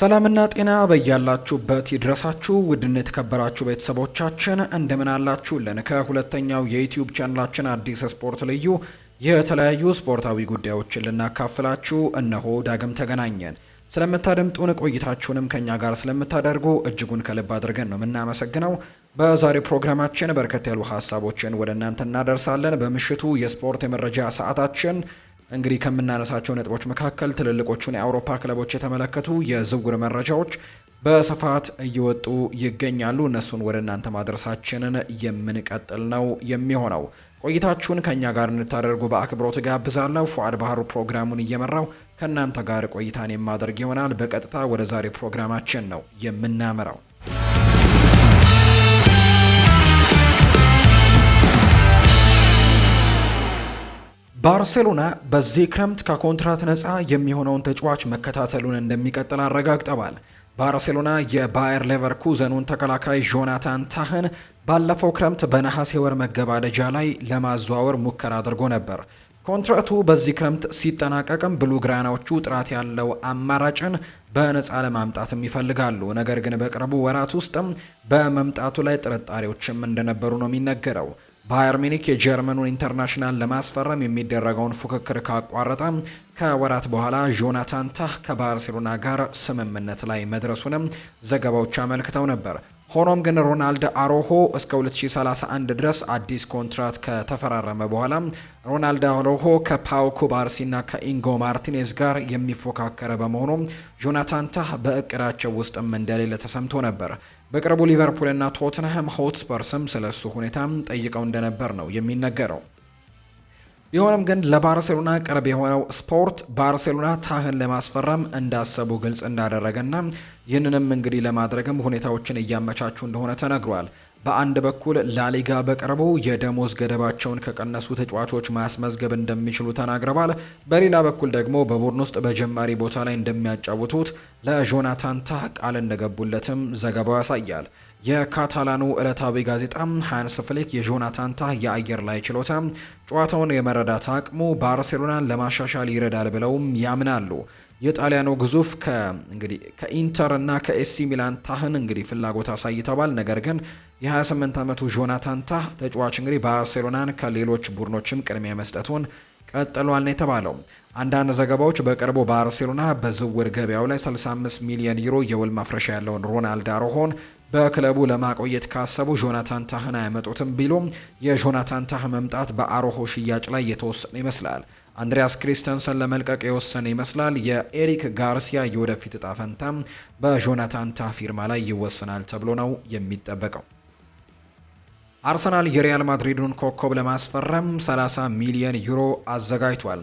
ሰላምና ጤና በያላችሁበት ይድረሳችሁ ውድን የተከበራችሁ ቤተሰቦቻችን እንደምን አላችሁልን? ከሁለተኛው የዩትዩብ ቻናላችን አዲስ ስፖርት ልዩ የተለያዩ ስፖርታዊ ጉዳዮችን ልናካፍላችሁ እነሆ ዳግም ተገናኘን። ስለምታደምጡን ቆይታችሁንም ከኛ ጋር ስለምታደርጉ እጅጉን ከልብ አድርገን ነው የምናመሰግነው። በዛሬው ፕሮግራማችን በርከት ያሉ ሀሳቦችን ወደ እናንተ እናደርሳለን። በምሽቱ የስፖርት የመረጃ ሰዓታችን እንግዲህ ከምናነሳቸው ነጥቦች መካከል ትልልቆቹን የአውሮፓ ክለቦች የተመለከቱ የዝውውር መረጃዎች በስፋት እየወጡ ይገኛሉ። እነሱን ወደ እናንተ ማድረሳችንን የምንቀጥል ነው የሚሆነው። ቆይታችሁን ከእኛ ጋር እንድታደርጉ በአክብሮት ጋብዛለሁ። ፉአድ ባህሩ ፕሮግራሙን እየመራው ከእናንተ ጋር ቆይታን የማደርግ ይሆናል። በቀጥታ ወደ ዛሬ ፕሮግራማችን ነው የምናመራው። ባርሴሎና በዚህ ክረምት ከኮንትራት ነፃ የሚሆነውን ተጫዋች መከታተሉን እንደሚቀጥል አረጋግጠዋል። ባርሴሎና የባየር ሌቨርኩዘኑን ተከላካይ ጆናታን ታህን ባለፈው ክረምት በነሐሴ ወር መገባደጃ ላይ ለማዘዋወር ሙከራ አድርጎ ነበር። ኮንትራቱ በዚህ ክረምት ሲጠናቀቅም ብሉ ግራናዎቹ ጥራት ያለው አማራጭን በነፃ ለማምጣትም ይፈልጋሉ። ነገር ግን በቅርቡ ወራት ውስጥም በመምጣቱ ላይ ጥርጣሬዎችም እንደነበሩ ነው የሚነገረው። ባየር ሚኒክ የጀርመኑን ኢንተርናሽናል ለማስፈረም የሚደረገውን ፉክክር ካቋረጠ ከወራት በኋላ ጆናታን ታህ ከባርሴሎና ጋር ስምምነት ላይ መድረሱንም ዘገባዎች አመልክተው ነበር። ሆኖም ግን ሮናልድ አሮሆ እስከ 2031 ድረስ አዲስ ኮንትራት ከተፈራረመ በኋላ ሮናልድ አሮሆ ከፓው ኩባርሲና ከኢንጎ ማርቲኔዝ ጋር የሚፎካከረ በመሆኑ ጆናታን ታህ በእቅዳቸው ውስጥም እንደሌለ ተሰምቶ ነበር። በቅርቡ ሊቨርፑልና ቶትንሃም ሆትስፐርስም እሱ ሁኔታም ጠይቀው እንደነበር ነው የሚነገረው። ቢሆንም ግን ለባርሴሎና ቅርብ የሆነው ስፖርት ባርሴሎና ታህን ለማስፈረም እንዳሰቡ ግልጽ እንዳደረገና ይህንንም እንግዲህ ለማድረግም ሁኔታዎችን እያመቻቹ እንደሆነ ተነግሯል። በአንድ በኩል ላሊጋ በቅርቡ የደሞዝ ገደባቸውን ከቀነሱ ተጫዋቾች ማስመዝገብ እንደሚችሉ ተናግረዋል። በሌላ በኩል ደግሞ በቡድን ውስጥ በጀማሪ ቦታ ላይ እንደሚያጫውቱት ለጆናታን ታህ ቃል እንደገቡለትም ዘገባው ያሳያል። የካታላኑ ዕለታዊ ጋዜጣ ሃንስ ፍሊክ የጆናታን ታህ የአየር ላይ ችሎታ ጨዋታውን የመረዳት አቅሙ ባርሴሎናን ለማሻሻል ይረዳል ብለውም ያምናሉ። የጣሊያኑ ግዙፍ ከእንግዲህ ከኢንተር እና ከኤሲ ሚላን ታህን እንግዲህ ፍላጎት አሳይተዋል። ነገር ግን የ28 ዓመቱ ጆናታን ታህ ተጫዋች እንግዲህ ባርሴሎናን ከሌሎች ቡድኖችም ቅድሚያ መስጠቱን ቀጥሏል ነው የተባለው። አንዳንድ ዘገባዎች በቅርቡ ባርሴሎና በዝውውር ገበያው ላይ 65 ሚሊዮን ዩሮ የውል ማፍረሻ ያለውን ሮናልድ አሮሆን በክለቡ ለማቆየት ካሰቡ ጆናታን ታህን አያመጡትም ቢሉም የጆናታን ታህ መምጣት በአሮሆ ሽያጭ ላይ የተወሰነ ይመስላል። አንድሪያስ ክሪስተንሰን ለመልቀቅ የወሰነ ይመስላል። የኤሪክ ጋርሲያ የወደፊት እጣ በጆናታን ታህ ፊርማ ላይ ይወሰናል ተብሎ ነው የሚጠበቀው። አርሰናል የሪያል ማድሪዱን ኮከብ ለማስፈረም 30 ሚሊዮን ዩሮ አዘጋጅቷል።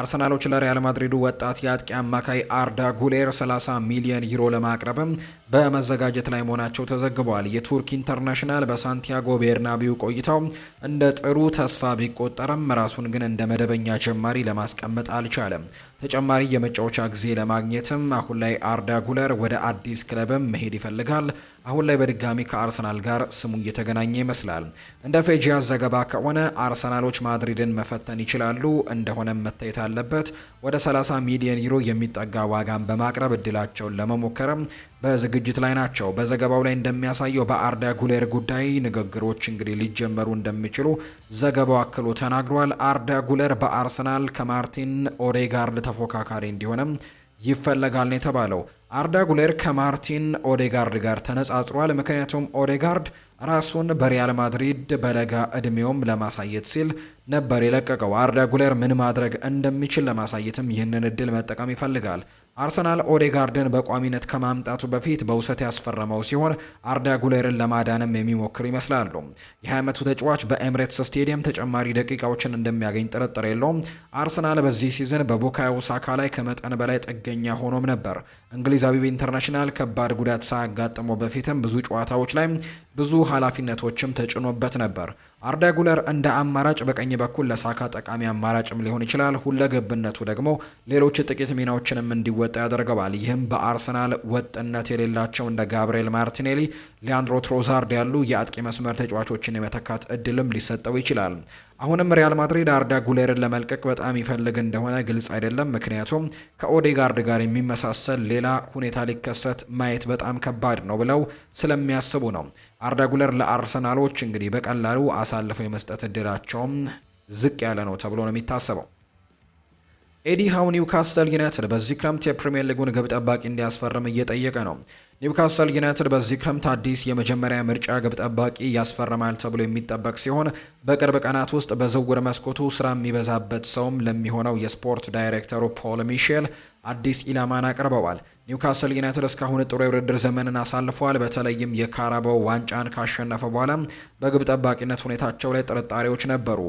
አርሰናሎች ለሪያል ማድሪዱ ወጣት የአጥቂ አማካይ አርዳ ጉሌር 30 ሚሊዮን ዩሮ ለማቅረብም በመዘጋጀት ላይ መሆናቸው ተዘግቧል። የቱርክ ኢንተርናሽናል በሳንቲያጎ ቤርናቢው ቆይታው እንደ ጥሩ ተስፋ ቢቆጠርም ራሱን ግን እንደ መደበኛ ጀማሪ ለማስቀመጥ አልቻለም። ተጨማሪ የመጫወቻ ጊዜ ለማግኘትም አሁን ላይ አርዳ ጉለር ወደ አዲስ ክለብም መሄድ ይፈልጋል። አሁን ላይ በድጋሚ ከአርሰናል ጋር ስሙ እየተገናኘ ይመስላል። እንደ ፌጂያ ዘገባ ከሆነ አርሰናሎች ማድሪድን መፈተን ይችላሉ እንደሆነም መታየት አለበት። ወደ 30 ሚሊዮን ዩሮ የሚጠጋ ዋጋን በማቅረብ እድላቸውን ለመሞከርም በዝግጅት ላይ ናቸው። በዘገባው ላይ እንደሚያሳየው በአርዳ ጉሌር ጉዳይ ንግግሮች እንግዲህ ሊጀመሩ እንደሚችሉ ዘገባው አክሎ ተናግሯል። አርዳ ጉሌር በአርሰናል ከማርቲን ኦዴጋርድ ተፎካካሪ እንዲሆንም ይፈለጋል ነው የተባለው። አርዳ ጉሌር ከማርቲን ኦዴጋርድ ጋር ተነጻጽሯል። ምክንያቱም ኦዴጋርድ ራሱን በሪያል ማድሪድ በለጋ እድሜውም ለማሳየት ሲል ነበር የለቀቀው። አርዳ ጉሌር ምን ማድረግ እንደሚችል ለማሳየትም ይህንን እድል መጠቀም ይፈልጋል። አርሰናል ኦዴጋርድን በቋሚነት ከማምጣቱ በፊት በውሰት ያስፈረመው ሲሆን አርዳ ጉሌርን ለማዳንም የሚሞክር ይመስላሉ። የ20 ዓመቱ ተጫዋች በኤምሬትስ ስቴዲየም ተጨማሪ ደቂቃዎችን እንደሚያገኝ ጥርጥር የለውም። አርሰናል በዚህ ሲዝን በቡካዮ ሳካ ላይ ከመጠን በላይ ጥገኛ ሆኖም ነበር። እንግሊዛዊው ኢንተርናሽናል ከባድ ጉዳት ሳያጋጥመው በፊትም ብዙ ጨዋታዎች ላይ ብዙ ኃላፊነቶችም ተጭኖበት ነበር። አርዳ ጉለር እንደ አማራጭ በቀኝ በኩል ለሳካ ጠቃሚ አማራጭም ሊሆን ይችላል። ሁለገብነቱ ደግሞ ሌሎች ጥቂት ሚናዎችንም እንዲወ እንዲወጣ ያደርገዋል። ይህም በአርሰናል ወጥነት የሌላቸው እንደ ጋብርኤል ማርቲኔሊ፣ ሊያንድሮ ትሮዛርድ ያሉ የአጥቂ መስመር ተጫዋቾችን የመተካት እድልም ሊሰጠው ይችላል። አሁንም ሪያል ማድሪድ አርዳ ጉሌርን ለመልቀቅ በጣም ይፈልግ እንደሆነ ግልጽ አይደለም። ምክንያቱም ከኦዴጋርድ ጋር የሚመሳሰል ሌላ ሁኔታ ሊከሰት ማየት በጣም ከባድ ነው ብለው ስለሚያስቡ ነው። አርዳ ጉሌር ለአርሰናሎች እንግዲህ በቀላሉ አሳልፈው የመስጠት እድላቸውም ዝቅ ያለ ነው ተብሎ ነው የሚታሰበው። ኤዲ ሃው ኒውካስተል ዩናይትድ በዚህ ክረምት የፕሪምየር ሊጉን ግብ ጠባቂ እንዲያስፈርም እየጠየቀ ነው። ኒውካስል ዩናይትድ በዚህ ክረምት አዲስ የመጀመሪያ ምርጫ ግብ ጠባቂ ያስፈርማል ተብሎ የሚጠበቅ ሲሆን በቅርብ ቀናት ውስጥ በዝውውር መስኮቱ ስራ የሚበዛበት ሰውም ለሚሆነው የስፖርት ዳይሬክተሩ ፖል ሚሼል አዲስ ኢላማን አቅርበዋል። ኒውካስል ዩናይትድ እስካሁን ጥሩ የውድድር ዘመንን አሳልፈዋል። በተለይም የካራባው ዋንጫን ካሸነፈ በኋላ በግብ ጠባቂነት ሁኔታቸው ላይ ጥርጣሬዎች ነበሩ።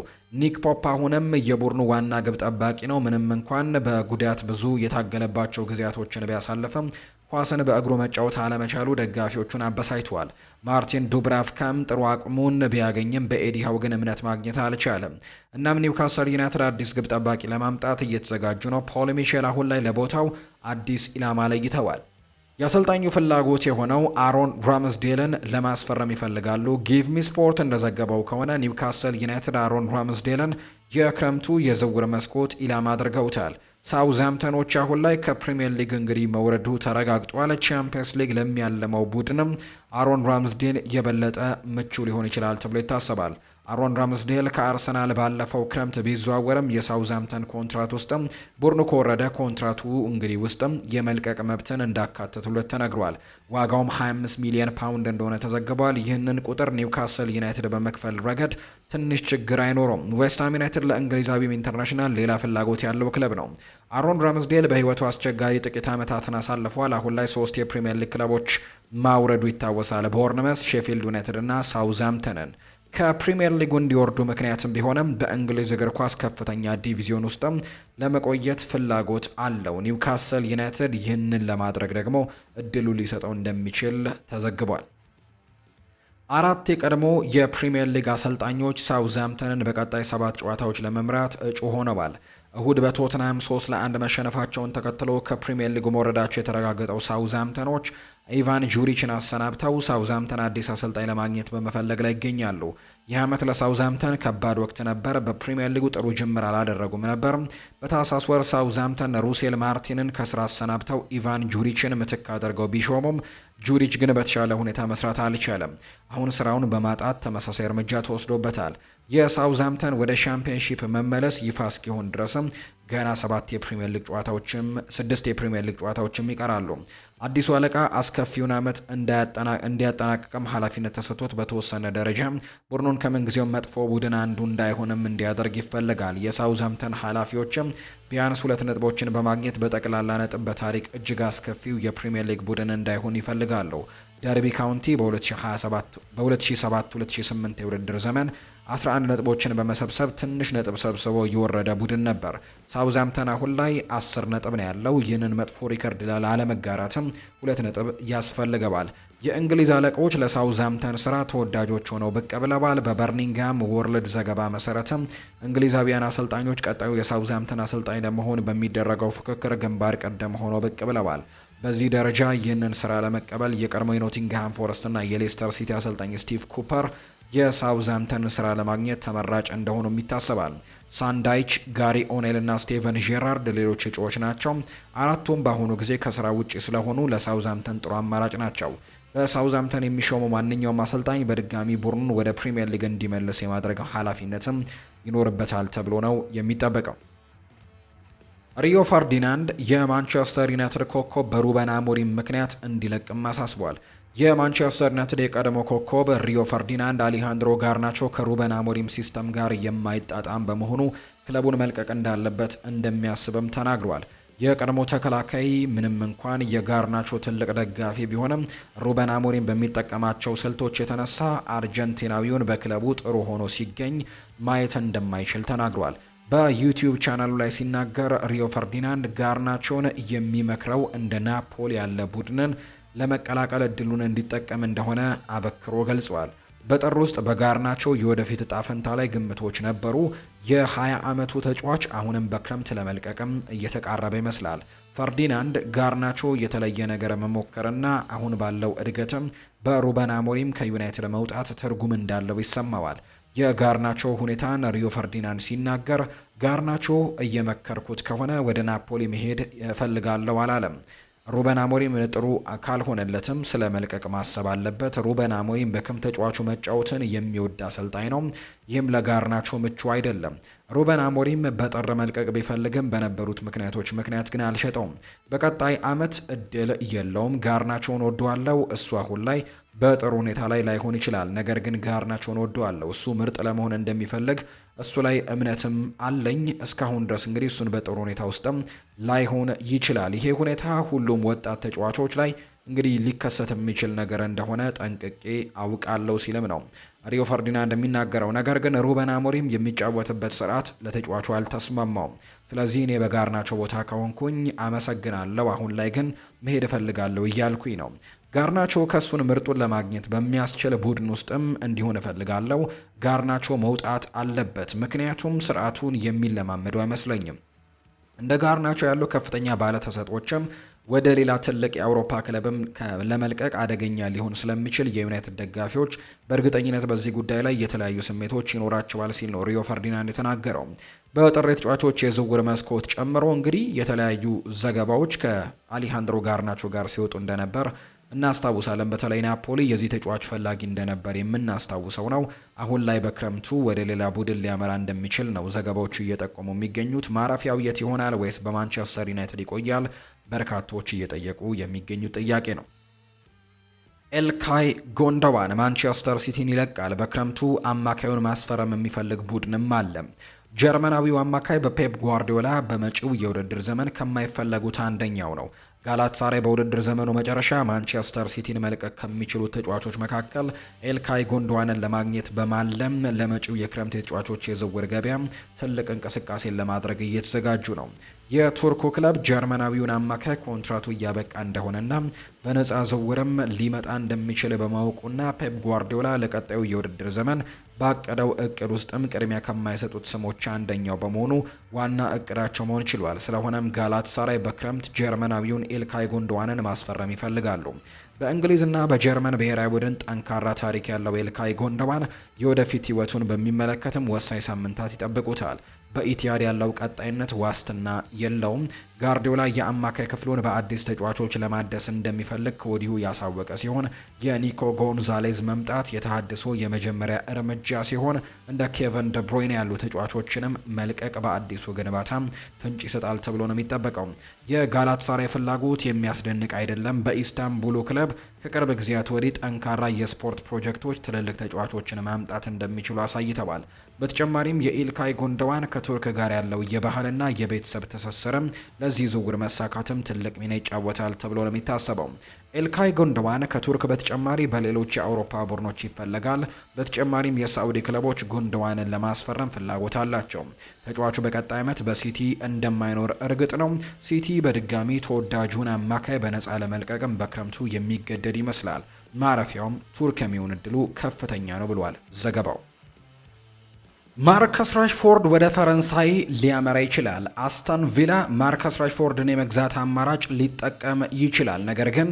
ኒክ ፖፕ አሁንም የቡድኑ ዋና ግብ ጠባቂ ነው። ምንም እንኳን በጉዳት ብዙ የታገለባቸው ጊዜያቶችን ቢያሳልፍም ኳስን በእግሩ መጫወት አለመቻሉ ደጋፊዎቹን አበሳጭቷል። ማርቲን ዱብራቭካም ጥሩ አቅሙን ቢያገኝም በኤዲሃው ግን እምነት ማግኘት አልቻለም። እናም ኒውካስል ዩናይትድ አዲስ ግብ ጠባቂ ለማምጣት እየተዘጋጁ ነው። ፖል ሚሼል አሁን ላይ ለቦታው አዲስ ኢላማ ለይተዋል። የአሰልጣኙ ፍላጎት የሆነው አሮን ራምስዴልን ለማስፈረም ይፈልጋሉ። ጊቭ ሚ ስፖርት እንደዘገበው ከሆነ ኒውካስል ዩናይትድ አሮን ራምስዴልን የክረምቱ የዝውውር መስኮት ኢላማ አድርገውታል። ሳውዝሃምተኖች አሁን ላይ ከፕሪምየር ሊግ እንግዲህ መውረዱ ተረጋግጧል። ቻምፒየንስ ሊግ ለሚያለመው ቡድንም አሮን ራምስዴን የበለጠ ምቹ ሊሆን ይችላል ተብሎ ይታሰባል። አሮን ራምስዴል ከአርሰናል ባለፈው ክረምት ቢዘዋወርም የሳውዛምተን ኮንትራት ውስጥም ቡድኑ ከወረደ ኮንትራቱ እንግዲህ ውስጥም የመልቀቅ መብትን እንዳካተቱለት ተነግሯል። ዋጋውም 25 ሚሊዮን ፓውንድ እንደሆነ ተዘግቧል። ይህንን ቁጥር ኒውካስል ዩናይትድ በመክፈል ረገድ ትንሽ ችግር አይኖረም። ዌስትሃም ዩናይትድ ለእንግሊዛዊው ኢንተርናሽናል ሌላ ፍላጎት ያለው ክለብ ነው። አሮን ራምስዴል በህይወቱ አስቸጋሪ ጥቂት ዓመታትን አሳልፏል። አሁን ላይ ሶስት የፕሪምየር ሊግ ክለቦች ማውረዱ ይታወሳል። ቦርንመስ፣ ሼፊልድ ዩናይትድ እና ሳውዛምተንን ከፕሪምየር ሊጉ እንዲወርዱ ምክንያትም ቢሆንም በእንግሊዝ እግር ኳስ ከፍተኛ ዲቪዚዮን ውስጥም ለመቆየት ፍላጎት አለው። ኒውካስል ዩናይትድ ይህንን ለማድረግ ደግሞ እድሉ ሊሰጠው እንደሚችል ተዘግቧል። አራት የቀድሞ የፕሪምየር ሊግ አሰልጣኞች ሳውዝሃምፕተንን በቀጣይ ሰባት ጨዋታዎች ለመምራት እጩ ሆነዋል። እሁድ በቶትንሃም 3 ለ1 መሸነፋቸውን ተከትሎ ከፕሪምየር ሊጉ መውረዳቸው የተረጋገጠው ሳውዝሃምተኖች ኢቫን ጁሪችን አሰናብተው ሳውዝሃምተን አዲስ አሰልጣኝ ለማግኘት በመፈለግ ላይ ይገኛሉ። ይህ ዓመት ለሳውዝሃምተን ከባድ ወቅት ነበር። በፕሪምየር ሊጉ ጥሩ ጅምር አላደረጉም ነበር። በታህሳስ ወር ሳውዝሃምተን ሩሴል ማርቲንን ከስራ አሰናብተው ኢቫን ጁሪችን ምትክ አድርገው ቢሾሙም ጁሪች ግን በተሻለ ሁኔታ መስራት አልቻለም። አሁን ስራውን በማጣት ተመሳሳይ እርምጃ ተወስዶበታል። የሳውዝሃምተን ወደ ሻምፒዮንሺፕ መመለስ ይፋ እስኪሆን ድረስም ገና ሰባት የፕሪምየር ሊግ ጨዋታዎችም ስድስት የፕሪምየር ሊግ ጨዋታዎችም ይቀራሉ። አዲሱ አለቃ አስከፊውን ዓመት እንዲያጠናቅቅም ኃላፊነት ተሰጥቶት በተወሰነ ደረጃ ቡድኑን ከምንጊዜው መጥፎ ቡድን አንዱ እንዳይሆንም እንዲያደርግ ይፈልጋል። የሳውዝሃምተን ኃላፊዎችም ቢያንስ ሁለት ነጥቦችን በማግኘት በጠቅላላ ነጥብ በታሪክ እጅግ አስከፊው የፕሪምየር ሊግ ቡድን እንዳይሆን ይፈልጋሉ። ደርቢ ካውንቲ በ2007 2008 የውድድር ዘመን 11 ነጥቦችን በመሰብሰብ ትንሽ ነጥብ ሰብስቦ የወረደ ቡድን ነበር። ሳውዛምተን አሁን ላይ 10 ነጥብ ነው ያለው። ይህንን መጥፎ ሪከርድ ላለመጋራትም ሁለት ነጥብ ያስፈልገዋል። የእንግሊዝ አለቆች ለሳውዛምተን ስራ ተወዳጆች ሆነው ብቅ ብለዋል። በበርኒንግሃም ወርልድ ዘገባ መሰረትም እንግሊዛዊያን አሰልጣኞች ቀጣዩ የሳውዛምተን አሰልጣኝ ለመሆን በሚደረገው ፉክክር ግንባር ቀደም ሆነው ብቅ ብለዋል። በዚህ ደረጃ ይህንን ስራ ለመቀበል የቀድሞ የኖቲንግሃም ፎረስትና የሌስተር ሲቲ አሰልጣኝ ስቲቭ ኩፐር የሳውዝሃምተን ስራ ለማግኘት ተመራጭ እንደሆኑም ይታሰባል። ሳንዳይች፣ ጋሪ ኦኔል እና ስቴቨን ጄራርድ ሌሎች እጩዎች ናቸው። አራቱም በአሁኑ ጊዜ ከስራ ውጪ ስለሆኑ ለሳውዝሃምተን ጥሩ አማራጭ ናቸው። በሳውዝሃምተን የሚሾሙ ማንኛውም አሰልጣኝ በድጋሚ ቡድኑን ወደ ፕሪምየር ሊግ እንዲመልስ የማድረግ ኃላፊነትም ይኖርበታል ተብሎ ነው የሚጠበቀው። ሪዮ ፈርዲናንድ የማንቸስተር ዩናይትድ ኮከብ በሩበን አሞሪም ምክንያት እንዲለቅም አሳስቧል። የማንቸስተር ዩናይትድ የቀድሞ ኮከብ ሪዮ ፈርዲናንድ አሊሃንድሮ ጋርናቾ ከሩበን አሞሪም ሲስተም ጋር የማይጣጣም በመሆኑ ክለቡን መልቀቅ እንዳለበት እንደሚያስብም ተናግሯል። የቀድሞ ተከላካይ ምንም እንኳን የጋርናቾ ትልቅ ደጋፊ ቢሆንም ሩበን አሞሪም በሚጠቀማቸው ስልቶች የተነሳ አርጀንቲናዊውን በክለቡ ጥሩ ሆኖ ሲገኝ ማየት እንደማይችል ተናግሯል። በዩቲዩብ ቻናሉ ላይ ሲናገር ሪዮ ፈርዲናንድ ጋርናቾን የሚመክረው እንደ ናፖል ያለ ቡድንን ለመቀላቀል እድሉን እንዲጠቀም እንደሆነ አበክሮ ገልጿል። በጥር ውስጥ በጋርናቸው የወደፊት እጣ ፈንታ ላይ ግምቶች ነበሩ። የ20 ዓመቱ ተጫዋች አሁንም በክረምት ለመልቀቅም እየተቃረበ ይመስላል። ፈርዲናንድ ጋርናቸው የተለየ ነገር መሞከርና አሁን ባለው እድገትም በሩበን አሞሪም ከዩናይትድ መውጣት ትርጉም እንዳለው ይሰማዋል። የጋርናቾ ሁኔታን ሪዮ ፈርዲናንድ ሲናገር፣ ጋርናቾ እየመከርኩት ከሆነ ወደ ናፖሊ መሄድ እፈልጋለሁ አላለም። ሩበን አሞሪም ጥሩ ካልሆነለትም ስለ መልቀቅ ማሰብ አለበት። ሩበን አሞሪም በክም ተጫዋቹ መጫወትን የሚወድ አሰልጣኝ ነው። ይህም ለጋርናቾ ምቹ አይደለም። ሩበን አሞሪም በጥር መልቀቅ ቢፈልግም በነበሩት ምክንያቶች ምክንያት ግን አልሸጠውም። በቀጣይ አመት እድል የለውም። ጋርናቾን ወደዋለው። እሱ አሁን ላይ በጥሩ ሁኔታ ላይ ላይሆን ይችላል። ነገር ግን ጋርናቾን ወደዋለው። እሱ ምርጥ ለመሆን እንደሚፈልግ እሱ ላይ እምነትም አለኝ። እስካሁን ድረስ እንግዲህ እሱን በጥሩ ሁኔታ ውስጥም ላይሆን ይችላል። ይሄ ሁኔታ ሁሉም ወጣት ተጫዋቾች ላይ እንግዲህ ሊከሰት የሚችል ነገር እንደሆነ ጠንቅቄ አውቃለሁ ሲልም ነው ሪዮ ፈርዲናንድ የሚናገረው። ነገር ግን ሩበን አሞሪም የሚጫወትበት ስርዓት ለተጫዋቹ አልተስማማውም። ስለዚህ እኔ በጋርናቸው ቦታ ከሆንኩኝ አመሰግናለሁ፣ አሁን ላይ ግን መሄድ እፈልጋለሁ እያልኩኝ ነው። ጋርናቾ ከሱን ምርጡን ለማግኘት በሚያስችል ቡድን ውስጥም እንዲሆን እፈልጋለሁ። ጋርናቾ መውጣት አለበት፣ ምክንያቱም ስርዓቱን የሚለማመደው አይመስለኝም። እንደ ጋርናቾ ያሉ ከፍተኛ ባለተሰጦችም ወደ ሌላ ትልቅ የአውሮፓ ክለብም ለመልቀቅ አደገኛ ሊሆን ስለሚችል የዩናይትድ ደጋፊዎች በእርግጠኝነት በዚህ ጉዳይ ላይ የተለያዩ ስሜቶች ይኖራቸዋል ሲል ነው ሪዮ ፈርዲናንድ የተናገረው። በጥር ተጫዋቾች የዝውውር መስኮት ጨምሮ እንግዲህ የተለያዩ ዘገባዎች ከአሊሃንድሮ ጋርናቾ ጋር ሲወጡ እንደነበር እናስታውሳለን። በተለይ ናፖሊ የዚህ ተጫዋች ፈላጊ እንደነበር የምናስታውሰው ነው። አሁን ላይ በክረምቱ ወደ ሌላ ቡድን ሊያመራ እንደሚችል ነው ዘገባዎቹ እየጠቆሙ የሚገኙት። ማረፊያው የት ይሆናል? ወይስ በማንቸስተር ዩናይትድ ይቆያል? በርካቶች እየጠየቁ የሚገኙት ጥያቄ ነው። ኤልካይ ጎንደዋን ማንቸስተር ሲቲን ይለቃል። በክረምቱ አማካዩን ማስፈረም የሚፈልግ ቡድንም አለ። ጀርመናዊው አማካይ በፔፕ ጓርዲዮላ በመጪው የውድድር ዘመን ከማይፈለጉት አንደኛው ነው። ጋላትሳራይ በውድድር ዘመኑ መጨረሻ ማንቸስተር ሲቲን መልቀቅ ከሚችሉ ተጫዋቾች መካከል ኤልካይ ጎንዶዋንን ለማግኘት በማለም ለመጪው የክረምት የተጫዋቾች የዝውውር ገበያ ትልቅ እንቅስቃሴን ለማድረግ እየተዘጋጁ ነው። የቱርኩ ክለብ ጀርመናዊውን አማካይ ኮንትራቱ እያበቃ እንደሆነና በነፃ ዝውውርም ሊመጣ እንደሚችል በማወቁና ፔፕ ጓርዲዮላ ለቀጣዩ የውድድር ዘመን ባቀደው እቅድ ውስጥም ቅድሚያ ከማይሰጡት ስሞች አንደኛው በመሆኑ ዋና እቅዳቸው መሆን ችሏል። ስለሆነም ጋላት ሳራይ በክረምት ጀርመናዊውን ኢልካይ ጉንድዋንን ማስፈረም ይፈልጋሉ። በእንግሊዝና በጀርመን ብሔራዊ ቡድን ጠንካራ ታሪክ ያለው ኢልካይ ጉንድዋን የወደፊት ሕይወቱን በሚመለከትም ወሳኝ ሳምንታት ይጠብቁታል። በኢትያድ ያለው ቀጣይነት ዋስትና የለውም። ጋርዲዮላ የአማካይ ክፍሉን በአዲስ ተጫዋቾች ለማደስ እንደሚፈልግ ከወዲሁ ያሳወቀ ሲሆን የኒኮ ጎንዛሌዝ መምጣት የተሃድሶ የመጀመሪያ እርምጃ ሲሆን እንደ ኬቨን ደብሮይን ያሉ ተጫዋቾችንም መልቀቅ በአዲሱ ግንባታ ፍንጭ ይሰጣል ተብሎ ነው የሚጠበቀው። የጋላት ፍላጎት የሚያስደንቅ አይደለም። በኢስታንቡሉ ክለብ ከቅርብ ጊዜያት ወዲህ ጠንካራ የስፖርት ፕሮጀክቶች ትልልቅ ተጫዋቾችን ማምጣት እንደሚችሉ አሳይተዋል። በተጨማሪም የኢልካይ ጎንደዋን ከቱርክ ጋር ያለው የባህልና የቤተሰብ ትስስርም ለዚህ ዝውውር መሳካትም ትልቅ ሚና ይጫወታል ተብሎ ነው የሚታሰበው። ኤልካይ ጉንድዋን ከቱርክ በተጨማሪ በሌሎች የአውሮፓ ቡድኖች ይፈለጋል። በተጨማሪም የሳዑዲ ክለቦች ጉንድዋንን ለማስፈረም ፍላጎት አላቸው። ተጫዋቹ በቀጣይ ዓመት በሲቲ እንደማይኖር እርግጥ ነው። ሲቲ በድጋሚ ተወዳጁን አማካይ በነፃ ለመልቀቅም በክረምቱ የሚገደድ ይመስላል። ማረፊያውም ቱርክ የሚሆን እድሉ ከፍተኛ ነው ብሏል ዘገባው። ማርከስ ራሽፎርድ ወደ ፈረንሳይ ሊያመራ ይችላል። አስተን ቪላ ማርከስ ራሽፎርድን የመግዛት አማራጭ ሊጠቀም ይችላል። ነገር ግን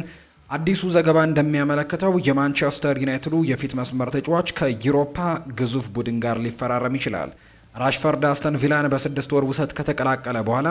አዲሱ ዘገባ እንደሚያመለክተው የማንቸስተር ዩናይትዱ የፊት መስመር ተጫዋች ከዩሮፓ ግዙፍ ቡድን ጋር ሊፈራረም ይችላል። ራሽፈርድ አስተን ቪላን በስድስት ወር ውሰት ከተቀላቀለ በኋላ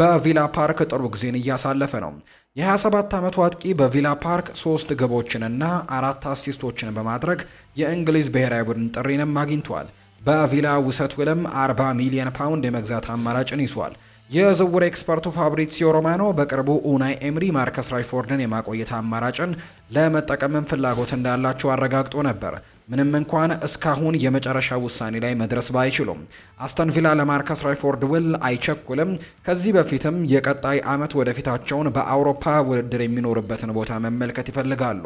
በቪላ ፓርክ ጥሩ ጊዜን እያሳለፈ ነው። የ27 ዓመቱ አጥቂ በቪላ ፓርክ ሶስት ግቦችንና አራት አሲስቶችን በማድረግ የእንግሊዝ ብሔራዊ ቡድን ጥሪንም አግኝቷል። በቪላ ውሰት ውልም 40 ሚሊዮን ፓውንድ የመግዛት አማራጭን ይዟል። የዝውውር ኤክስፐርቱ ፋብሪዚዮ ሮማኖ በቅርቡ ኡናይ ኤምሪ ማርከስ ራሽፎርድን የማቆየት አማራጭን ለመጠቀምም ፍላጎት እንዳላቸው አረጋግጦ ነበር። ምንም እንኳን እስካሁን የመጨረሻ ውሳኔ ላይ መድረስ ባይችሉም አስተን ቪላ ለማርከስ ራሽፎርድ ውል አይቸኩልም። ከዚህ በፊትም የቀጣይ ዓመት ወደፊታቸውን በአውሮፓ ውድድር የሚኖርበትን ቦታ መመልከት ይፈልጋሉ።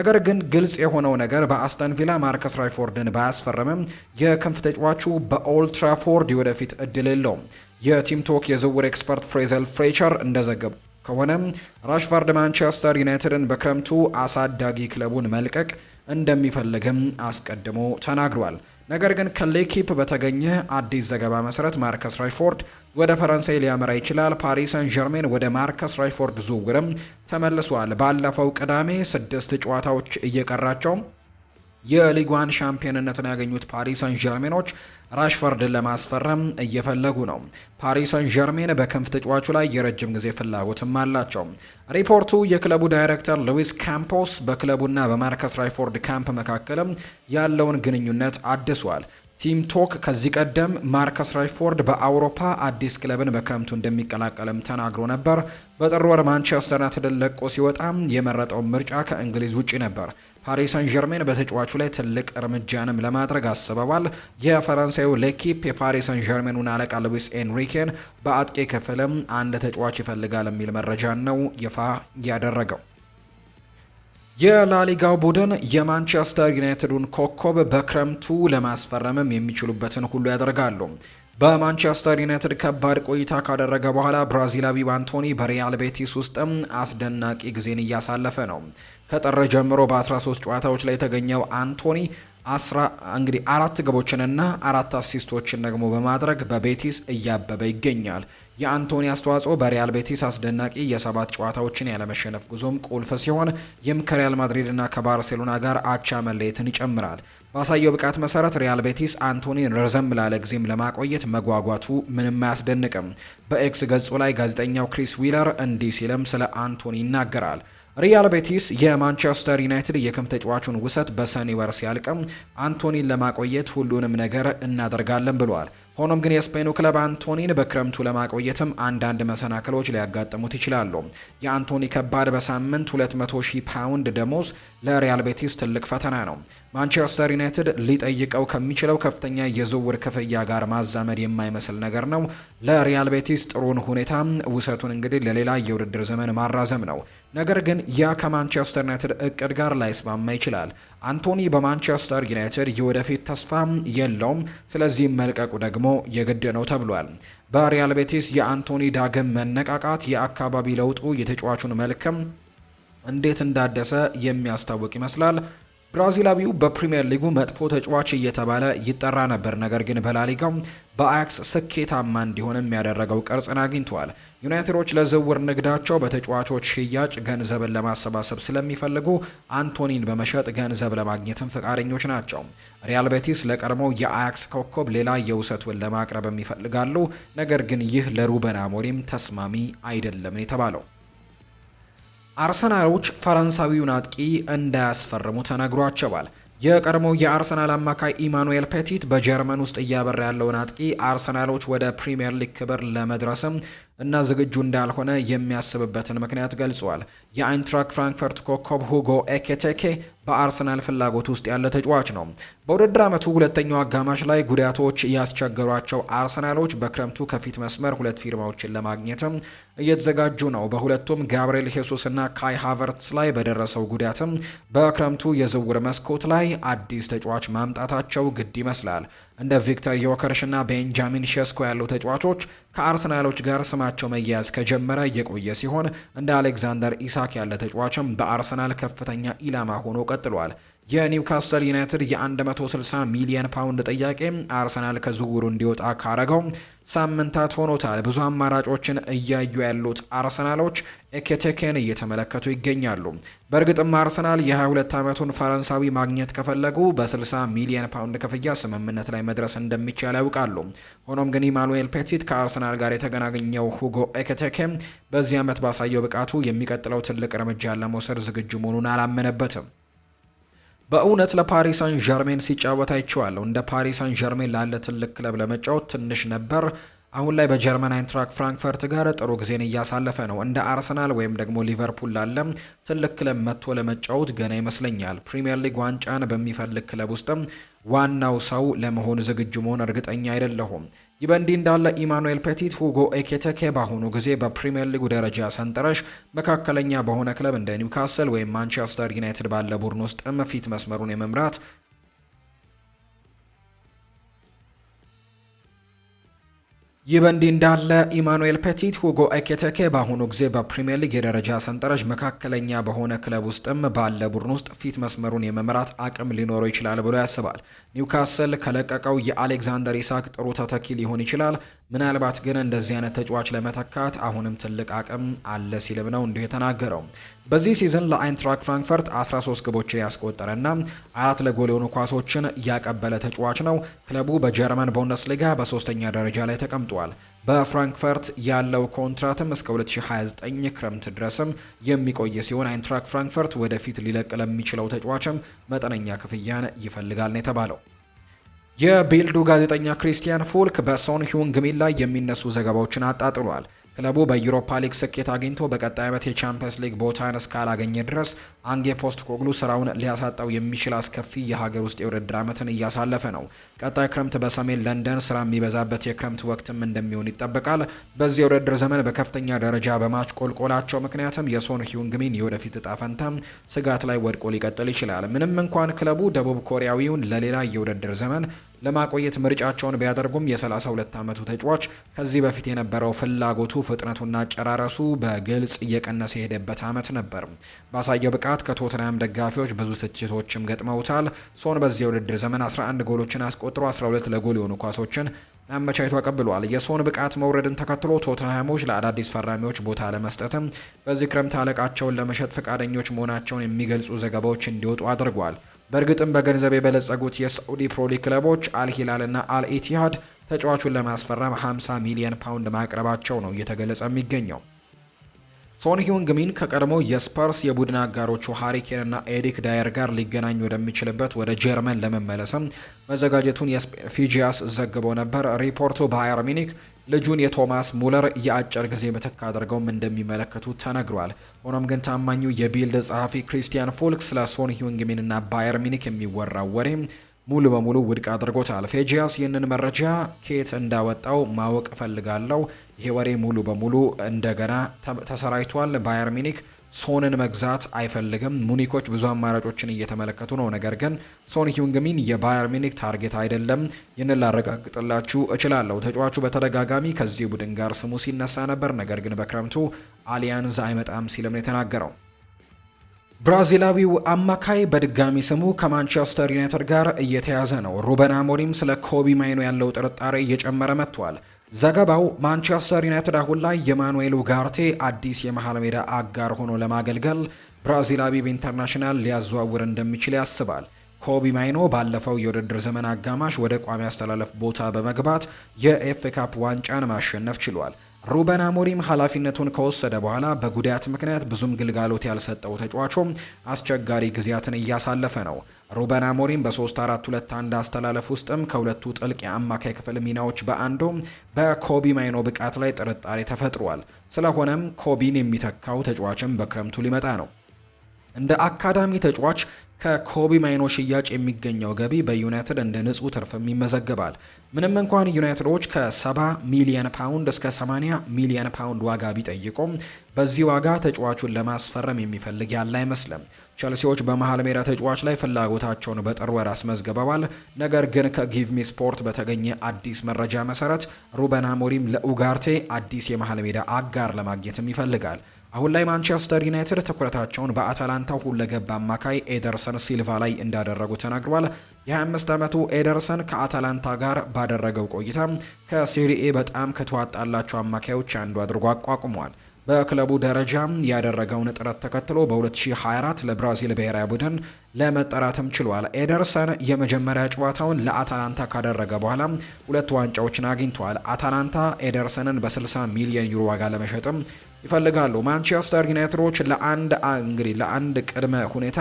ነገር ግን ግልጽ የሆነው ነገር በአስተን ቪላ ማርከስ ራሽፎርድን ባያስፈርምም የክንፍ ተጫዋቹ በኦልትራፎርድ የወደፊት እድል የለውም። የቲም ቶክ የዝውውር ኤክስፐርት ፍሬዘል ፍሬቸር እንደዘገቡ ከሆነም ራሽፋርድ ማንቸስተር ዩናይትድን በክረምቱ አሳዳጊ ክለቡን መልቀቅ እንደሚፈልግም አስቀድሞ ተናግሯል። ነገር ግን ከሌኪፕ በተገኘ አዲስ ዘገባ መሰረት ማርከስ ራሽፎርድ ወደ ፈረንሳይ ሊያመራ ይችላል። ፓሪስ ሰን ጀርሜን ወደ ማርከስ ራሽፎርድ ዝውውርም ተመልሷል። ባለፈው ቅዳሜ ስድስት ጨዋታዎች እየቀራቸው የሊጓን ሻምፒዮንነትን ያገኙት ፓሪስ ሰን ዠርሜኖች ራሽፈርድን ለማስፈረም እየፈለጉ ነው። ፓሪስ ሰን ዠርሜን በክንፍ ተጫዋቹ ላይ የረጅም ጊዜ ፍላጎትም አላቸው። ሪፖርቱ የክለቡ ዳይሬክተር ሉዊስ ካምፖስ በክለቡና በማርከስ ራይፎርድ ካምፕ መካከልም ያለውን ግንኙነት አድሷል። ቲም ቶክ ከዚህ ቀደም ማርከስ ራሽፎርድ በአውሮፓ አዲስ ክለብን በክረምቱ እንደሚቀላቀልም ተናግሮ ነበር። በጥር ወር ማንቸስተር ዩናይትድን ለቆ ሲወጣም ምርጫ ከእንግሊዝ ውጪ ነበር። ፓሪስ ሰን ጀርሜን በተጫዋቹ ላይ ትልቅ እርምጃንም ለማድረግ አስበዋል። የፈረንሳዩ ሌኪፕ የፓሪስ ሰን ጀርሜኑን አለቃ ሉዊስ ኤንሪኬን በአጥቂ ክፍልም አንድ ተጫዋች ይፈልጋል የሚል መረጃን ነው ይፋ ያደረገው። የላሊጋው ቡድን የማንቸስተር ዩናይትዱን ኮከብ በክረምቱ ለማስፈረምም የሚችሉበትን ሁሉ ያደርጋሉ። በማንቸስተር ዩናይትድ ከባድ ቆይታ ካደረገ በኋላ ብራዚላዊው አንቶኒ በሪያል ቤቲስ ውስጥም አስደናቂ ጊዜን እያሳለፈ ነው። ከጥር ጀምሮ በ13 ጨዋታዎች ላይ የተገኘው አንቶኒ አስራ እንግዲህ አራት ግቦችንና አራት አሲስቶችን ደግሞ በማድረግ በቤቲስ እያበበ ይገኛል። የአንቶኒ አስተዋጽኦ በሪያል ቤቲስ አስደናቂ የሰባት ጨዋታዎችን ያለመሸነፍ ጉዞም ቁልፍ ሲሆን ይህም ከሪያል ማድሪድና ከባርሴሎና ጋር አቻ መለየትን ይጨምራል። ባሳየው ብቃት መሰረት ሪያል ቤቲስ አንቶኒን ረዘም ላለ ጊዜም ለማቆየት መጓጓቱ ምንም አያስደንቅም። በኤክስ ገጹ ላይ ጋዜጠኛው ክሪስ ዊለር እንዲህ ሲልም ስለ አንቶኒ ይናገራል። ሪያል ቤቲስ የማንቸስተር ዩናይትድ የክም ተጫዋቹን ውሰት በሰኔ ወር ሲያልቅም አንቶኒን ለማቆየት ሁሉንም ነገር እናደርጋለን ብሏል። ሆኖም ግን የስፔኑ ክለብ አንቶኒን በክረምቱ ለማቆየትም አንዳንድ መሰናክሎች ሊያጋጥሙት ይችላሉ። የአንቶኒ ከባድ በሳምንት 200 ሺህ ፓውንድ ደሞዝ ለሪያል ቤቲስ ትልቅ ፈተና ነው። ማንቸስተር ዩናይትድ ሊጠይቀው ከሚችለው ከፍተኛ የዝውውር ክፍያ ጋር ማዛመድ የማይመስል ነገር ነው። ለሪያል ቤቲስ ጥሩን ሁኔታ ውሰቱን እንግዲህ ለሌላ የውድድር ዘመን ማራዘም ነው። ነገር ግን ያ ከማንቸስተር ዩናይትድ እቅድ ጋር ላይስማማ ይችላል። አንቶኒ በማንቸስተር ዩናይትድ የወደፊት ተስፋ የለውም። ስለዚህም መልቀቁ ደግሞ ደግሞ የግድ ነው ተብሏል። በሪያል ቤቲስ የአንቶኒ ዳግም መነቃቃት የአካባቢ ለውጡ የተጫዋቹን መልክም እንዴት እንዳደሰ የሚያስታውቅ ይመስላል። ብራዚላዊው በፕሪምየር ሊጉ መጥፎ ተጫዋች እየተባለ ይጠራ ነበር። ነገር ግን በላሊጋው በአያክስ ስኬታማ እንዲሆን የሚያደረገው ቅርጽን አግኝተዋል። ዩናይትዶች ለዝውውር ንግዳቸው በተጫዋቾች ሽያጭ ገንዘብን ለማሰባሰብ ስለሚፈልጉ አንቶኒን በመሸጥ ገንዘብ ለማግኘትም ፈቃደኞች ናቸው። ሪያል ቤቲስ ለቀድሞው የአያክስ ኮከብ ሌላ የውሰቱን ለማቅረብ ይፈልጋሉ። ነገር ግን ይህ ለሩበን አሞሪም ተስማሚ አይደለም የተባለው አርሰናሎች ፈረንሳዊውን አጥቂ እንዳያስፈርሙ ተነግሯቸዋል። የቀድሞው የአርሰናል አማካይ ኢማኑኤል ፔቲት በጀርመን ውስጥ እያበራ ያለውን አጥቂ አርሰናሎች ወደ ፕሪምየር ሊግ ክብር ለመድረስም እና ዝግጁ እንዳልሆነ የሚያስብበትን ምክንያት ገልጿል። የአይንትራክ ፍራንክፈርት ኮከብ ሁጎ ኤኬቴኬ በአርሰናል ፍላጎት ውስጥ ያለ ተጫዋች ነው። በውድድር ዓመቱ ሁለተኛው አጋማሽ ላይ ጉዳቶች ያስቸገሯቸው አርሰናሎች በክረምቱ ከፊት መስመር ሁለት ፊርማዎችን ለማግኘትም እየተዘጋጁ ነው። በሁለቱም ጋብርኤል ሄሱስ እና ካይ ሃቨርትስ ላይ በደረሰው ጉዳትም በክረምቱ የዝውውር መስኮት ላይ አዲስ ተጫዋች ማምጣታቸው ግድ ይመስላል። እንደ ቪክተር ዮከርሽ እና ቤንጃሚን ሼስኮ ያሉ ተጫዋቾች ከአርሰናሎች ጋር ስማ በቁጥራቸው መያያዝ ከጀመረ የቆየ ሲሆን እንደ አሌክዛንደር ኢሳክ ያለ ተጫዋችም በአርሰናል ከፍተኛ ኢላማ ሆኖ ቀጥሏል። የኒውካስተል ዩናይትድ የ160 ሚሊየን ፓውንድ ጥያቄ አርሰናል ከዝውውሩ እንዲወጣ ካረገው ሳምንታት ሆኖታል። ብዙ አማራጮችን እያዩ ያሉት አርሰናሎች ኤኬቴኬን እየተመለከቱ ይገኛሉ። በእርግጥም አርሰናል የ22 ዓመቱን ፈረንሳዊ ማግኘት ከፈለጉ በ60 ሚሊየን ፓውንድ ክፍያ ስምምነት ላይ መድረስ እንደሚቻል ያውቃሉ። ሆኖም ግን ኢማኑኤል ፔቲት ከአርሰናል ጋር የተገናኘው ሁጎ ኤኬቴኬ በዚህ ዓመት ባሳየው ብቃቱ የሚቀጥለው ትልቅ እርምጃ ለመውሰድ ዝግጁ መሆኑን አላመነበትም። በእውነት ለፓሪስ ሳን ዠርሜን ሲጫወት አይቼዋለሁ። እንደ ፓሪስ ሳን ዠርሜን ላለ ትልቅ ክለብ ለመጫወት ትንሽ ነበር። አሁን ላይ በጀርመን አይንትራክ ፍራንክፈርት ጋር ጥሩ ጊዜን እያሳለፈ ነው። እንደ አርሰናል ወይም ደግሞ ሊቨርፑል ላለ ትልቅ ክለብ መጥቶ ለመጫወት ገና ይመስለኛል። ፕሪምየር ሊግ ዋንጫን በሚፈልግ ክለብ ውስጥም ዋናው ሰው ለመሆን ዝግጁ መሆን እርግጠኛ አይደለሁም። ይህ በእንዲህ እንዳለ ኢማኑኤል ፔቲት፣ ሁጎ ኤኬቴኬ በአሁኑ ጊዜ በፕሪምየር ሊጉ ደረጃ ሰንጠረዥ መካከለኛ በሆነ ክለብ እንደ ኒውካስል ወይም ማንቸስተር ዩናይትድ ባለ ቡድን ውስጥም ፊት መስመሩን የመምራት ይህ በእንዲህ እንዳለ ኢማኑኤል ፔቲት፣ ሁጎ ኤኬቴኬ በአሁኑ ጊዜ በፕሪምየር ሊግ የደረጃ ሰንጠረዥ መካከለኛ በሆነ ክለብ ውስጥም ባለ ቡድን ውስጥ ፊት መስመሩን የመምራት አቅም ሊኖረው ይችላል ብሎ ያስባል። ኒውካስል ከለቀቀው የአሌክዛንደር ኢሳክ ጥሩ ተተኪ ሊሆን ይችላል። ምናልባት ግን እንደዚህ አይነት ተጫዋች ለመተካት አሁንም ትልቅ አቅም አለ ሲልም ነው እንዲሁ የተናገረው። በዚህ ሲዝን ለአይንትራክ ፍራንክፈርት 13 ግቦችን ያስቆጠረና አራት ለጎል የሆኑ ኳሶችን ያቀበለ ተጫዋች ነው። ክለቡ በጀርመን ቡንደስሊጋ በሶስተኛ ደረጃ ላይ ተቀምጧል። በፍራንክፈርት ያለው ኮንትራትም እስከ 2029 ክረምት ድረስም የሚቆይ ሲሆን አይንትራክ ፍራንክፈርት ወደፊት ሊለቅ ለሚችለው ተጫዋችም መጠነኛ ክፍያን ይፈልጋል ነው የተባለው። የቤልዱ ጋዜጠኛ ክሪስቲያን ፉልክ በሶን ሂዩንግ ሚን ላይ የሚነሱ ዘገባዎችን አጣጥሏል። ክለቡ በዩሮፓ ሊግ ስኬት አግኝቶ በቀጣይ ዓመት የቻምፒየንስ ሊግ ቦታን እስካላገኘ ድረስ አንጌ ፖስት ኮግሉ ስራውን ሊያሳጣው የሚችል አስከፊ የሀገር ውስጥ የውድድር ዓመትን እያሳለፈ ነው። ቀጣይ ክረምት በሰሜን ለንደን ስራ የሚበዛበት የክረምት ወቅትም እንደሚሆን ይጠበቃል። በዚህ የውድድር ዘመን በከፍተኛ ደረጃ በማች ቆልቆላቸው ምክንያትም የሶን ሂዩንግ የወደፊት እጣ ፈንታ ስጋት ላይ ወድቆ ሊቀጥል ይችላል። ምንም እንኳን ክለቡ ደቡብ ኮሪያዊውን ለሌላ የውድድር ዘመን ለማቆየት ምርጫቸውን ቢያደርጉም የ32 ዓመቱ ተጫዋች ከዚህ በፊት የነበረው ፍላጎቱ ፍጥነቱና አጨራረሱ በግልጽ እየቀነሰ የሄደበት ዓመት ነበር። ባሳየው ብቃት ከቶትናም ደጋፊዎች ብዙ ትችቶችም ገጥመውታል። ሶን በዚህ የውድድር ዘመን 11 ጎሎችን አስቆጥሮ 12 ለጎል የሆኑ ኳሶችን አመቻይቶ አቀብሏል። የሶን ብቃት መውረድን ተከትሎ ቶተንሃሞች ለአዳዲስ ፈራሚዎች ቦታ ለመስጠትም በዚህ ክረምት አለቃቸውን ለመሸጥ ፈቃደኞች መሆናቸውን የሚገልጹ ዘገባዎች እንዲወጡ አድርጓል። በእርግጥም በገንዘብ የበለጸጉት የሳዑዲ ፕሮሊ ክለቦች አልሂላልና አልኢቲሃድ ተጫዋቹን ለማስፈረም 50 ሚሊዮን ፓውንድ ማቅረባቸው ነው እየተገለጸ የሚገኘው። ሶን ግሚን ከቀድሞ የስፐርስ የቡድን አጋሮቹ ሃሪኬንና ኤሪክ ዳየር ጋር ሊገናኝ ወደሚችልበት ወደ ጀርመን ለመመለስም መዘጋጀቱን የስፔን ፊጂያስ ዘግቦ ነበር። ሪፖርቱ ባየር ሚኒክ ልጁን የቶማስ ሙለር የአጭር ጊዜ ምትክ አድርገውም እንደሚመለከቱ ተነግሯል። ሆኖም ግን ታማኙ የቢልድ ጸሐፊ ክሪስቲያን ፎልክ ስለ ሶን ሂዩንግሚንና ባየር ሚኒክ የሚወራው ወሬ ሙሉ በሙሉ ውድቅ አድርጎታል። ፌጂያስ ይህንን መረጃ ኬት እንዳወጣው ማወቅ እፈልጋለሁ። ይሄ ወሬ ሙሉ በሙሉ እንደገና ተሰራጭቷል። ባየር ሚኒክ ሶንን መግዛት አይፈልግም። ሙኒኮች ብዙ አማራጮችን እየተመለከቱ ነው፣ ነገር ግን ሶን ሂዩንግሚን የባየር ሚኒክ ታርጌት አይደለም። ይህንን ላረጋግጥላችሁ እችላለሁ። ተጫዋቹ በተደጋጋሚ ከዚህ ቡድን ጋር ስሙ ሲነሳ ነበር፣ ነገር ግን በክረምቱ አሊያንዝ አይመጣም ሲልም ነው የተናገረው። ብራዚላዊው አማካይ በድጋሚ ስሙ ከማንቸስተር ዩናይትድ ጋር እየተያዘ ነው። ሩበን አሞሪም ስለ ኮቢ ማይኖ ያለው ጥርጣሬ እየጨመረ መጥቷል። ዘገባው ማንቸስተር ዩናይትድ አሁን ላይ የማኑኤል ኡጋርቴ አዲስ የመሃል ሜዳ አጋር ሆኖ ለማገልገል ብራዚላዊው ኢንተርናሽናል ሊያዘዋውር እንደሚችል ያስባል። ኮቢ ማይኖ ባለፈው የውድድር ዘመን አጋማሽ ወደ ቋሚ አስተላለፍ ቦታ በመግባት የኤፍ ካፕ ዋንጫን ማሸነፍ ችሏል። ሩበን አሞሪም ኃላፊነቱን ከወሰደ በኋላ በጉዳት ምክንያት ብዙም ግልጋሎት ያልሰጠው ተጫዋቹ አስቸጋሪ ጊዜያትን እያሳለፈ ነው። ሩበን አሞሪም በ3-4-2-1 አስተላለፍ ውስጥም ከሁለቱ ጥልቅ የአማካይ ክፍል ሚናዎች በአንዱ በኮቢ ማይኖ ብቃት ላይ ጥርጣሬ ተፈጥሯል። ስለሆነም ኮቢን የሚተካው ተጫዋችም በክረምቱ ሊመጣ ነው። እንደ አካዳሚ ተጫዋች ከኮቢ ማይኖ ሽያጭ የሚገኘው ገቢ በዩናይትድ እንደ ንጹህ ትርፍም ይመዘግባል። ምንም እንኳን ዩናይትዶች ከ70 ሚሊየን ፓውንድ እስከ 80 ሚሊየን ፓውንድ ዋጋ ቢጠይቁም በዚህ ዋጋ ተጫዋቹን ለማስፈረም የሚፈልግ ያለ አይመስልም። ቸልሲዎች በመሀል ሜዳ ተጫዋች ላይ ፍላጎታቸውን በጥር ወር አስመዝግበዋል። ነገር ግን ከጊቭሚ ስፖርት በተገኘ አዲስ መረጃ መሰረት ሩበን አሞሪም ለኡጋርቴ አዲስ የመሀል ሜዳ አጋር ለማግኘትም ይፈልጋል። አሁን ላይ ማንቸስተር ዩናይትድ ትኩረታቸውን በአታላንታው ሁለገብ አማካይ ኤደርሰን ሲልቫ ላይ እንዳደረጉ ተናግሯል የ የ25 ዓመቱ ኤደርሰን ከአታላንታ ጋር ባደረገው ቆይታ ከሴሪኤ በጣም ከተዋጣላቸው አማካዮች አንዱ አድርጎ አቋቁሟል። በክለቡ ደረጃ ያደረገውን ጥረት ተከትሎ በ2024 ለብራዚል ብሔራዊ ቡድን ለመጠራትም ችሏል። ኤደርሰን የመጀመሪያ ጨዋታውን ለአታላንታ ካደረገ በኋላ ሁለት ዋንጫዎችን አግኝተዋል። አታላንታ ኤደርሰንን በ60 ሚሊዮን ዩሮ ዋጋ ለመሸጥም ይፈልጋሉ። ማንቸስተር ዩናይትዶች ለአንድ እንግዲህ ለአንድ ቅድመ ሁኔታ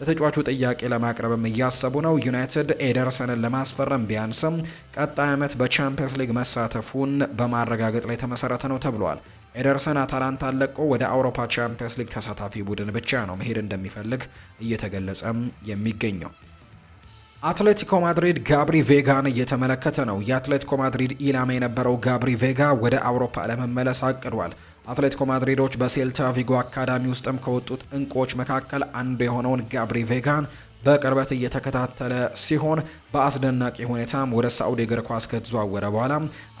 ለተጫዋቹ ጥያቄ ለማቅረብም እያሰቡ ነው። ዩናይትድ ኤደርሰንን ለማስፈረም ቢያንስም ቀጣይ ዓመት በቻምፒየንስ ሊግ መሳተፉን በማረጋገጥ ላይ የተመሰረተ ነው ተብሏል። ኤደርሰን አታላንታን ለቆ ወደ አውሮፓ ቻምፒየንስ ሊግ ተሳታፊ ቡድን ብቻ ነው መሄድ እንደሚፈልግ እየተገለጸም የሚገኘው። አትሌቲኮ ማድሪድ ጋብሪ ቬጋን እየተመለከተ ነው። የአትሌቲኮ ማድሪድ ኢላማ የነበረው ጋብሪ ቬጋ ወደ አውሮፓ ለመመለስ አቅዷል። አትሌቲኮ ማድሪዶች በሴልታ ቪጎ አካዳሚ ውስጥም ከወጡት እንቁዎች መካከል አንዱ የሆነውን ጋብሪ ቬጋን በቅርበት እየተከታተለ ሲሆን በአስደናቂ ሁኔታም ወደ ሳዑዲ እግር ኳስ ከተዘዋወረ በኋላ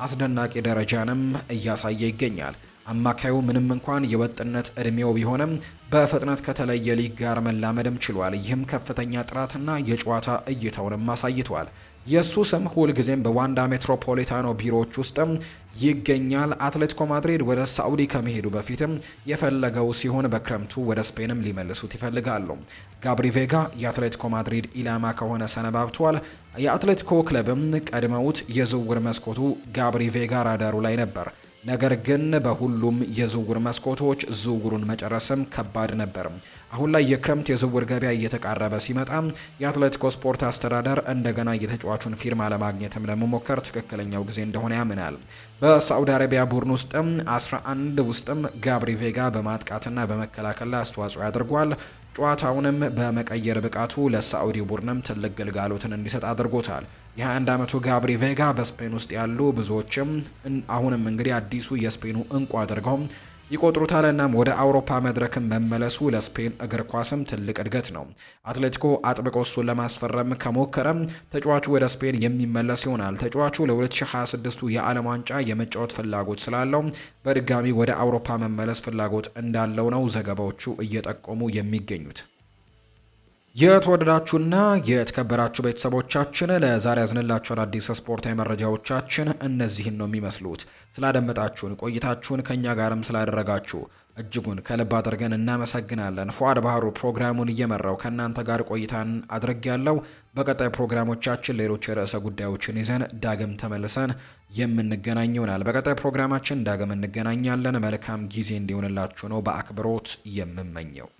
አስደናቂ ደረጃንም እያሳየ ይገኛል። አማካዩ ምንም እንኳን የወጥነት እድሜው ቢሆንም በፍጥነት ከተለየ ሊግ ጋር መላመድም ችሏል። ይህም ከፍተኛ ጥራትና የጨዋታ እይታውንም አሳይቷል። የእሱ ስም ሁልጊዜም በዋንዳ ሜትሮፖሊታኖ ቢሮዎች ውስጥም ይገኛል። አትሌቲኮ ማድሪድ ወደ ሳዑዲ ከመሄዱ በፊትም የፈለገው ሲሆን በክረምቱ ወደ ስፔንም ሊመልሱት ይፈልጋሉ። ጋብሪ ቬጋ የአትሌቲኮ ማድሪድ ኢላማ ከሆነ ሰነባብቷል። የአትሌቲኮ ክለብም ቀድመውት የዝውውር መስኮቱ ጋብሪ ቬጋ ራዳሩ ላይ ነበር። ነገር ግን በሁሉም የዝውውር መስኮቶች ዝውውሩን መጨረስም ከባድ ነበር። አሁን ላይ የክረምት የዝውውር ገበያ እየተቃረበ ሲመጣ የአትሌቲኮ ስፖርት አስተዳደር እንደገና የተጫዋቹን ፊርማ ለማግኘትም ለመሞከር ትክክለኛው ጊዜ እንደሆነ ያምናል። በሳዑዲ አረቢያ ቡድን ውስጥም 11 ውስጥም ጋብሪ ቬጋ በማጥቃትና በመከላከል ላይ አስተዋጽኦ ያድርጓል። ጨዋታውንም በመቀየር ብቃቱ ለሳዑዲ ቡድንም ትልቅ ግልጋሎትን እንዲሰጥ አድርጎታል። የ 1 ዓመቱ ጋብሪ ቬጋ በስፔን ውስጥ ያሉ ብዙዎችም አሁንም እንግዲህ አዲሱ የስፔኑ እንቁ አድርገው ይቆጥሩታል። እናም ወደ አውሮፓ መድረክን መመለሱ ለስፔን እግር ኳስም ትልቅ እድገት ነው። አትሌቲኮ አጥብቆ እሱን ለማስፈረም ከሞከረም ተጫዋቹ ወደ ስፔን የሚመለስ ይሆናል። ተጫዋቹ ለ2026ቱ የዓለም ዋንጫ የመጫወት ፍላጎት ስላለው በድጋሚ ወደ አውሮፓ መመለስ ፍላጎት እንዳለው ነው ዘገባዎቹ እየጠቆሙ የሚገኙት። የተወደዳችሁና የተከበራችሁ ቤተሰቦቻችን ለዛሬ ያዝንላችሁ አዳዲስ ስፖርታዊ መረጃዎቻችን እነዚህን ነው የሚመስሉት። ስላደመጣችሁን ቆይታችሁን ከእኛ ጋርም ስላደረጋችሁ እጅጉን ከልብ አድርገን እናመሰግናለን። ፏድ ባህሩ ፕሮግራሙን እየመራው ከእናንተ ጋር ቆይታን አድርግ ያለው። በቀጣይ ፕሮግራሞቻችን ሌሎች የርዕሰ ጉዳዮችን ይዘን ዳግም ተመልሰን የምንገናኝ ይሆናል። በቀጣይ ፕሮግራማችን ዳግም እንገናኛለን። መልካም ጊዜ እንዲሆንላችሁ ነው በአክብሮት የምመኘው።